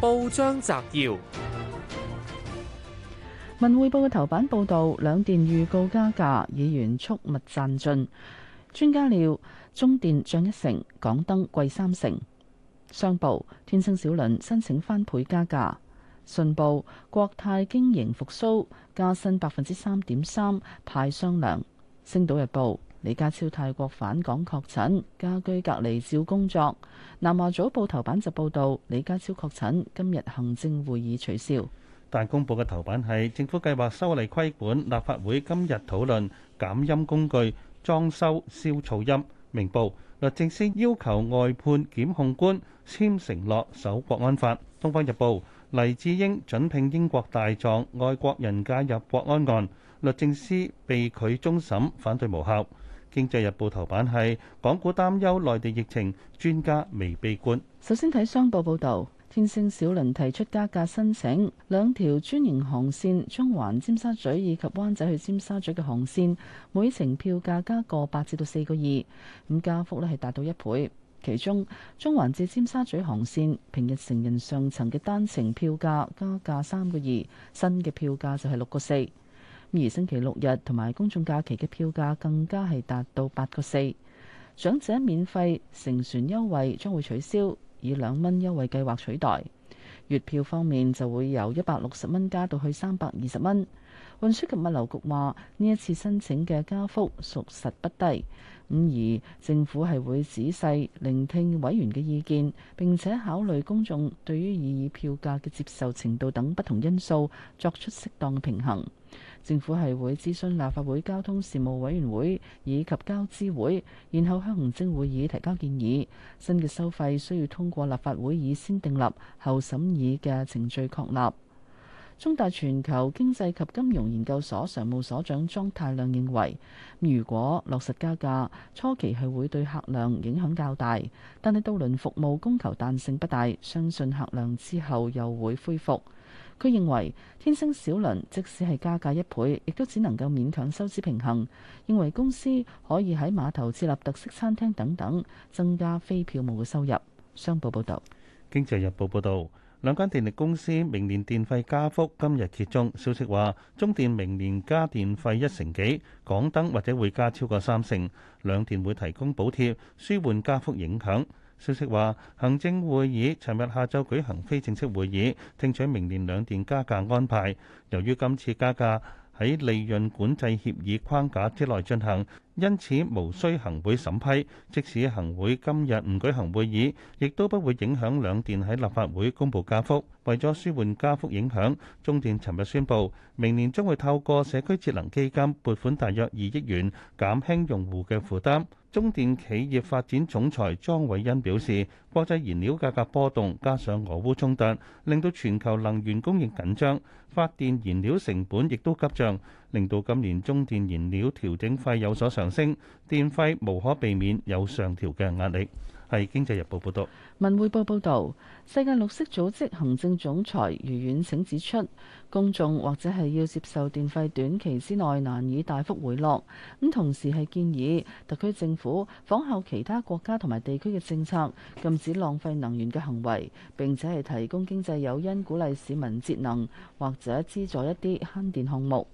報章摘要：文匯報嘅頭版報道，兩電預告加價，議員促勿贊進。專家料中電漲一成，港燈貴三成。商報：天星小輪申請翻倍加價。信報：國泰經營復蘇，加薪百分之三點三，派雙糧。星島日報。李家超泰國返港確診，家居隔離照工作。南華早報頭版就報道李家超確診，今日行政會議取消。但公報嘅頭版係政府計劃修例規管立法會，今日討論減音工具裝修消噪音。明報律政司要求外判檢控官簽承諾守國安法。東方日報黎智英準聘英國大狀，外國人介入國安案，律政司被拒終審，反對無效。《經濟日報》頭版係港股擔憂內地疫情，專家未悲觀。首先睇商報報導，天星小輪提出加價申請，兩條專營航線中環、尖沙咀以及灣仔去尖沙咀嘅航線，每程票價加個八至到四個二，咁加幅咧係達到一倍。其中中環至尖沙咀航線平日成人上層嘅單程票價加價三個二，新嘅票價就係六個四。而星期六日同埋公眾假期嘅票價更加係達到八個四，長者免費乘船優惠將會取消，以兩蚊優惠計劃取代。月票方面就會由一百六十蚊加到去三百二十蚊。運輸及物流局話呢一次申請嘅加幅屬實不低，咁而政府係會仔細聆聽委員嘅意見，並且考慮公眾對於擬議票價嘅接受程度等不同因素，作出適當平衡。政府係會諮詢立法會交通事務委員會以及交諮會，然後向行政會議提交建議。新嘅收費需要通過立法會議先訂立，後審議嘅程序確立。中大全球經濟及金融研究所常務所長莊太量認為，如果落實加價，初期係會對客量影響較大，但係渡輪服務供求彈性不大，相信客量之後又會恢復。佢認為天星小輪即使係加價一倍，亦都只能夠勉強收支平衡。認為公司可以喺碼頭設立特色餐廳等等，增加非票務嘅收入。商報報導，《經濟日報》報道，兩間電力公司明年電費加幅今日揭盅。消息話，中電明年加電費一成幾，港燈或者會加超過三成。兩電會提供補貼，舒緩加幅影響。消息話，行政會議尋日下晝舉行非正式會議，聽取明年兩電加價安排。由於今次加價喺利潤管制協議框架之內進行。因此，無需行會審批，即使行會今日唔舉行會議，亦都不會影響兩電喺立法會公布加幅。為咗舒緩加幅影響，中電尋日宣布，明年將會透過社區節能基金撥款大約二億元，減輕用戶嘅負擔。中電企業發展總裁莊偉恩表示，國際燃料價格波動加上俄烏衝突，令到全球能源供應緊張，發電燃料成本亦都急漲，令到今年中電燃料調整費有所上升，電費無可避免有上調嘅壓力。係《經濟日報》報道。《文匯報》報導，世界綠色組織行政總裁余遠騁指出，公眾或者係要接受電費短期之內難以大幅回落。咁同時係建議特區政府仿效其他國家同埋地區嘅政策，禁止浪費能源嘅行為，並且係提供經濟誘因鼓勵市民節能，或者資助一啲慳電項目。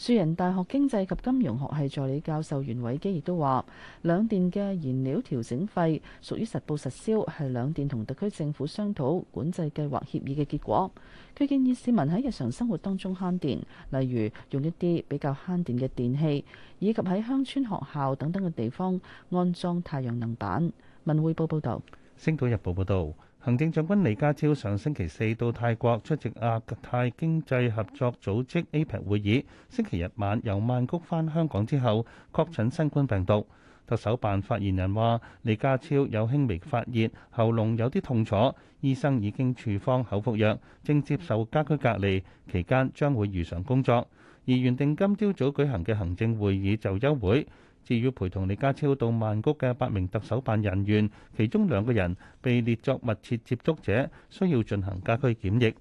樹仁大學經濟及金融學系助理教授袁偉基亦都話，兩電嘅燃料調整費屬於實報實銷，係兩電同特區政府商討管制計劃協議嘅結果。佢建議市民喺日常生活當中慳電，例如用一啲比較慳電嘅電器，以及喺鄉村、學校等等嘅地方安裝太陽能板。文匯報報道。《星島日報》報道。行政長官李家超上星期四到泰國出席亞太經濟合作組織 APEC 會議，星期日晚由曼谷返香港之後，確診新冠病毒。特首辦發言人話：李家超有輕微發熱，喉嚨有啲痛楚，醫生已經處方口服藥，正接受家居隔離，期間將會如常工作。而原定今朝早舉行嘅行政會議就休會。至於陪同李家超到曼谷嘅八名特首辦人員，其中兩個人被列作密切接觸者，需要進行家居檢疫。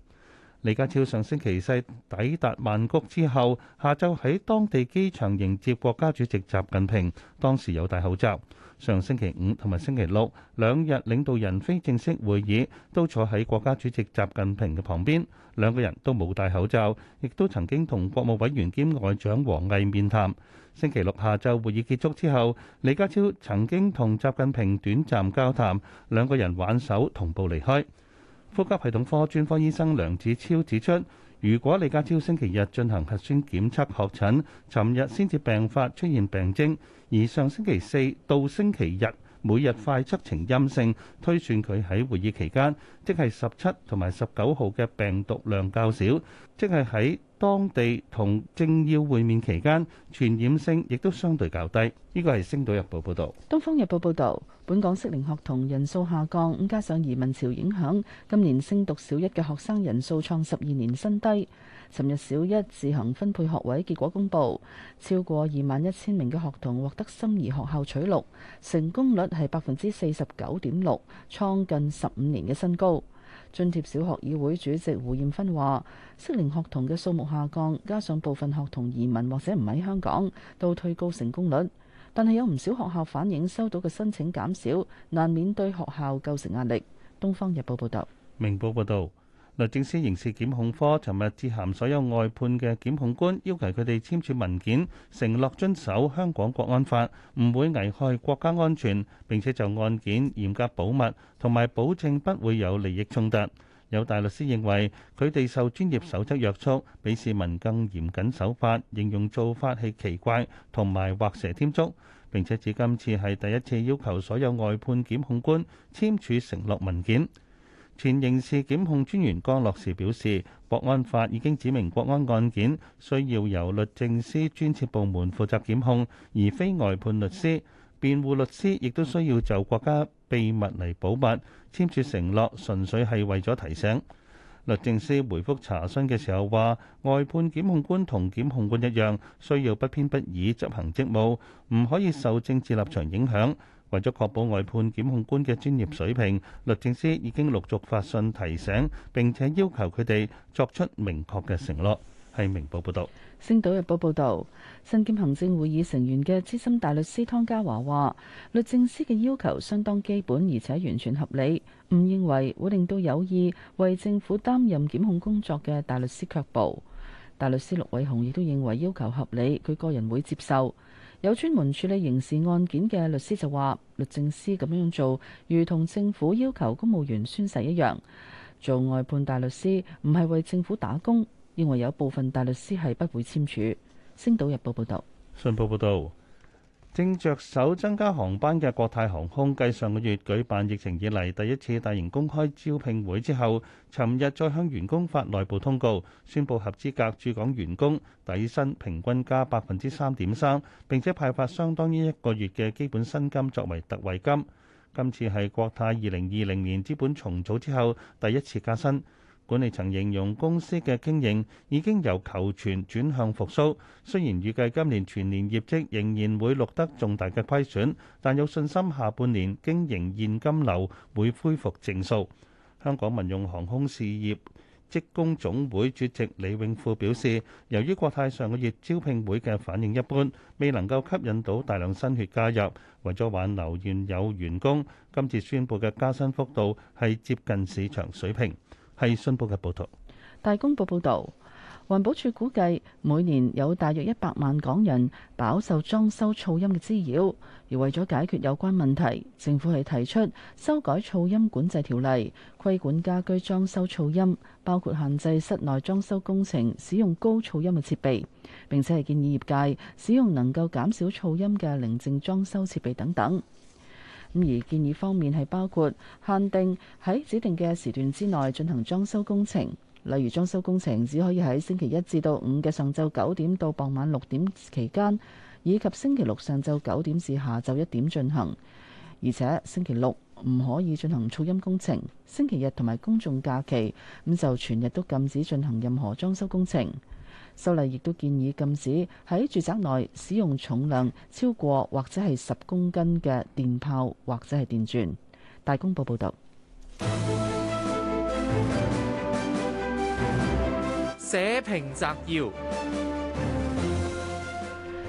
李家超上星期四抵達曼谷之後，下晝喺當地機場迎接國家主席習近平，當時有戴口罩。上星期五同埋星期六兩日領導人非正式會議，都坐喺國家主席習近平嘅旁邊，兩個人都冇戴口罩，亦都曾經同國務委員兼外長王毅面談。星期六下晝會議結束之後，李家超曾經同習近平短暫交談，兩個人挽手同步離開。呼吸系統科專科醫生梁子超指出，如果李家超星期日進行核酸檢測確診，尋日先至病發出現病徵，而上星期四到星期日每日快測呈陰性，推算佢喺會議期間，即係十七同埋十九號嘅病毒量較少，即係喺當地同政要會面期間，傳染性亦都相對較低。呢個係《星島日報》報導，《東方日報》報導，本港適齡學童人數下降，加上移民潮影響，今年升讀小一嘅學生人數創十二年新低。尋日小一自行分配學位結果公佈，超過二萬一千名嘅學童獲得心儀學校取錄，成功率係百分之四十九點六，創近十五年嘅新高。津貼小學議會主席胡艷芬話：適齡學童嘅數目下降，加上部分學童移民或者唔喺香港，到退高成功率。但係有唔少學校反映收到嘅申請減少，難免對學校構成壓力。東方日報報道，明報報道。律政司刑事檢控科尋日致函所有外判嘅檢控官，要求佢哋簽署文件，承諾遵守香港國安法，唔會危害國家安全，並且就案件嚴格保密，同埋保證不會有利益衝突。有大律師認為，佢哋受專業守則約束，比市民更嚴謹守法，形容做法係奇怪同埋畫蛇添足。並且至今次係第一次要求所有外判檢控官簽署承諾文件。前刑事檢控專員江樂士表示，國安法已經指明國安案件需要由律政司專設部門負責檢控，而非外判律師、辯護律師，亦都需要就國家秘密嚟保密，簽署承諾純粹係為咗提醒。律政司回覆查詢嘅時候話，外判檢控官同檢控官一樣，需要不偏不倚執行職務，唔可以受政治立場影響。為咗確保外判檢控官嘅專業水平，律政司已經陸續發信提醒，並且要求佢哋作出明確嘅承諾。係明報報導。《星島日報》報道，身兼行政會議成員嘅資深大律師湯家驊話：律政司嘅要求相當基本，而且完全合理，唔認為會令到有意為政府擔任檢控工作嘅大律師卻步。大律師陸偉雄亦都認為要求合理，佢個人會接受。有專門處理刑事案件嘅律師就話：律政司咁樣做，如同政府要求公務員宣誓一樣。做外判大律師唔係為政府打工，認為有部分大律師係不會簽署。《星島日報,報道》報導，《信報》報導。正着手增加航班嘅國泰航空，繼上個月舉辦疫情以嚟第一次大型公開招聘會之後，尋日再向員工發內部通告，宣布合資格駐港員工底薪平均加百分之三點三，並且派發相當於一個月嘅基本薪金作為特惠金。今次係國泰二零二零年資本重組之後第一次加薪。管理層形容公司嘅經營已經由求存轉向復蘇，雖然預計今年全年業績仍然會錄得重大嘅虧損，但有信心下半年經營現金流會恢復正數。香港民用航空事業職工總會主席李永富表示，由於國泰上個月招聘會嘅反應一般，未能夠吸引到大量新血加入，為咗挽留現有員工，今次宣布嘅加薪幅度係接近市場水平。係信報嘅報道。大公報報導，環保署估計每年有大約一百萬港人飽受裝修噪音嘅滋擾，而為咗解決有關問題，政府係提出修改噪音管制條例，規管家居裝修噪音，包括限制室內裝修工程使用高噪音嘅設備，並且係建議業界使用能夠減少噪音嘅寧靜裝修設備等等，而建議方面係包括限定喺指定嘅時段之內進行裝修工程，例如裝修工程只可以喺星期一至到五嘅上晝九點到傍晚六點期間，以及星期六上晝九點至下晝一點進行，而且星期六唔可以進行噪音工程，星期日同埋公眾假期咁就全日都禁止進行任何裝修工程。修例亦都建議禁止喺住宅內使用重量超過或者係十公斤嘅電炮或者係電鑽。大公報報導，社評摘要。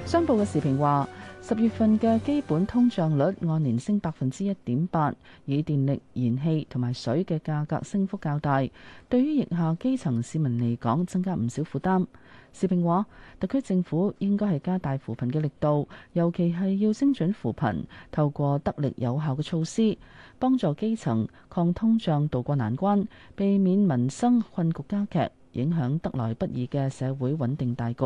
商報嘅時評話。十月份嘅基本通脹率按年升百分之一點八，以電力、燃氣同埋水嘅價格升幅較大，對於疫下基層市民嚟講增加唔少負擔。時評話，特區政府應該係加大扶貧嘅力度，尤其係要精準扶貧，透過得力有效嘅措施，幫助基層抗通脹渡過難關，避免民生困局加劇，影響得來不易嘅社會穩定大局。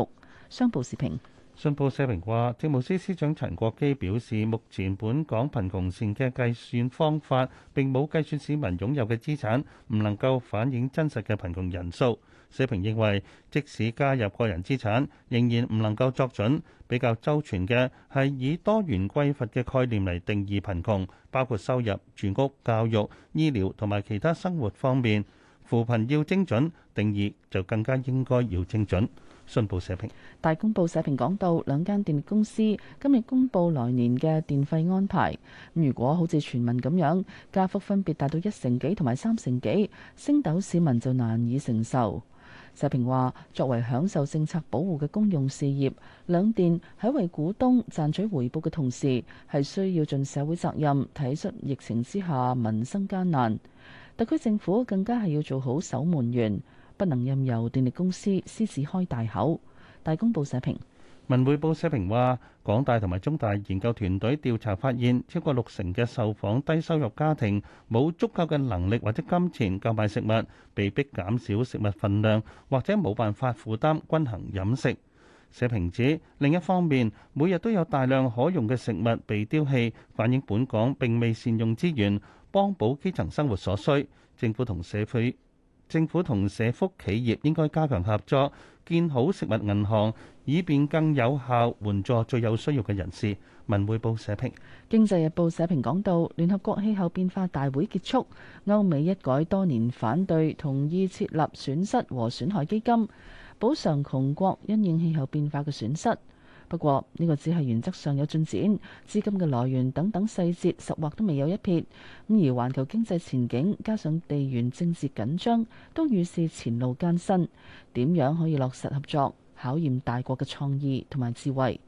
商報時評。信報社評話，政務司司長陳國基表示，目前本港貧窮線嘅計算方法並冇計算市民擁有嘅資產，唔能夠反映真實嘅貧窮人數。社評認為，即使加入個人資產，仍然唔能夠作準。比較周全嘅係以多元匱乏嘅概念嚟定義貧窮，包括收入、住屋、教育、醫療同埋其他生活方面。扶貧要精準，定義就更加應該要精準。信報社評。大公報社評講到，兩間電力公司今日公布來年嘅電費安排。如果好似傳聞咁樣加幅分別達到一成幾同埋三成幾，星斗市民就難以承受。社評話，作為享受政策保護嘅公用事業，兩電喺為股東賺取回報嘅同時，係需要盡社會責任，睇出疫情之下民生艱難。特區政府更加係要做好守門員。不能任由電力公司獅子開大口。大公報社評、文匯報社評話，港大同埋中大研究團隊調查發現，超過六成嘅受訪低收入家庭冇足夠嘅能力或者金錢購買食物，被逼減少食物分量，或者冇辦法負擔均衡飲食。社評指另一方面，每日都有大量可用嘅食物被丟棄，反映本港並未善用資源幫補基層生活所需。政府同社會。政府同社福企業應該加強合作，建好食物銀行，以便更有效援助最有需要嘅人士。文匯報社評。《經濟日報》社評講到，聯合國氣候變化大會結束，歐美一改多年反對，同意設立損失和損害基金，補償窮國因應氣候變化嘅損失。不過呢個只係原則上有進展，資金嘅來源等等細節，實或都未有一撇。咁而環球經濟前景，加上地緣政治緊張，都預示前路艱辛。點樣可以落實合作，考驗大國嘅創意同埋智慧？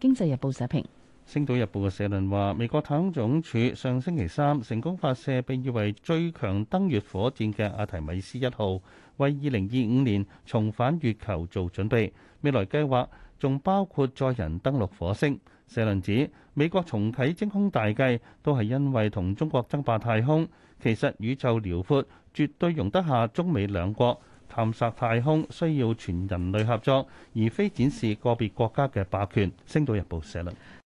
經濟日報寫評，《星島日報》嘅社論話：美國太空總署上星期三成功發射被譽為最強登月火箭嘅阿提米斯一號，為二零二五年重返月球做準備。未來計劃。仲包括載人登陸火星。社論指美國重啟征空大計都係因為同中國爭霸太空。其實宇宙遼闊絕對容得下中美兩國探索太空，需要全人類合作，而非展示個別國家嘅霸權。星島日報社論。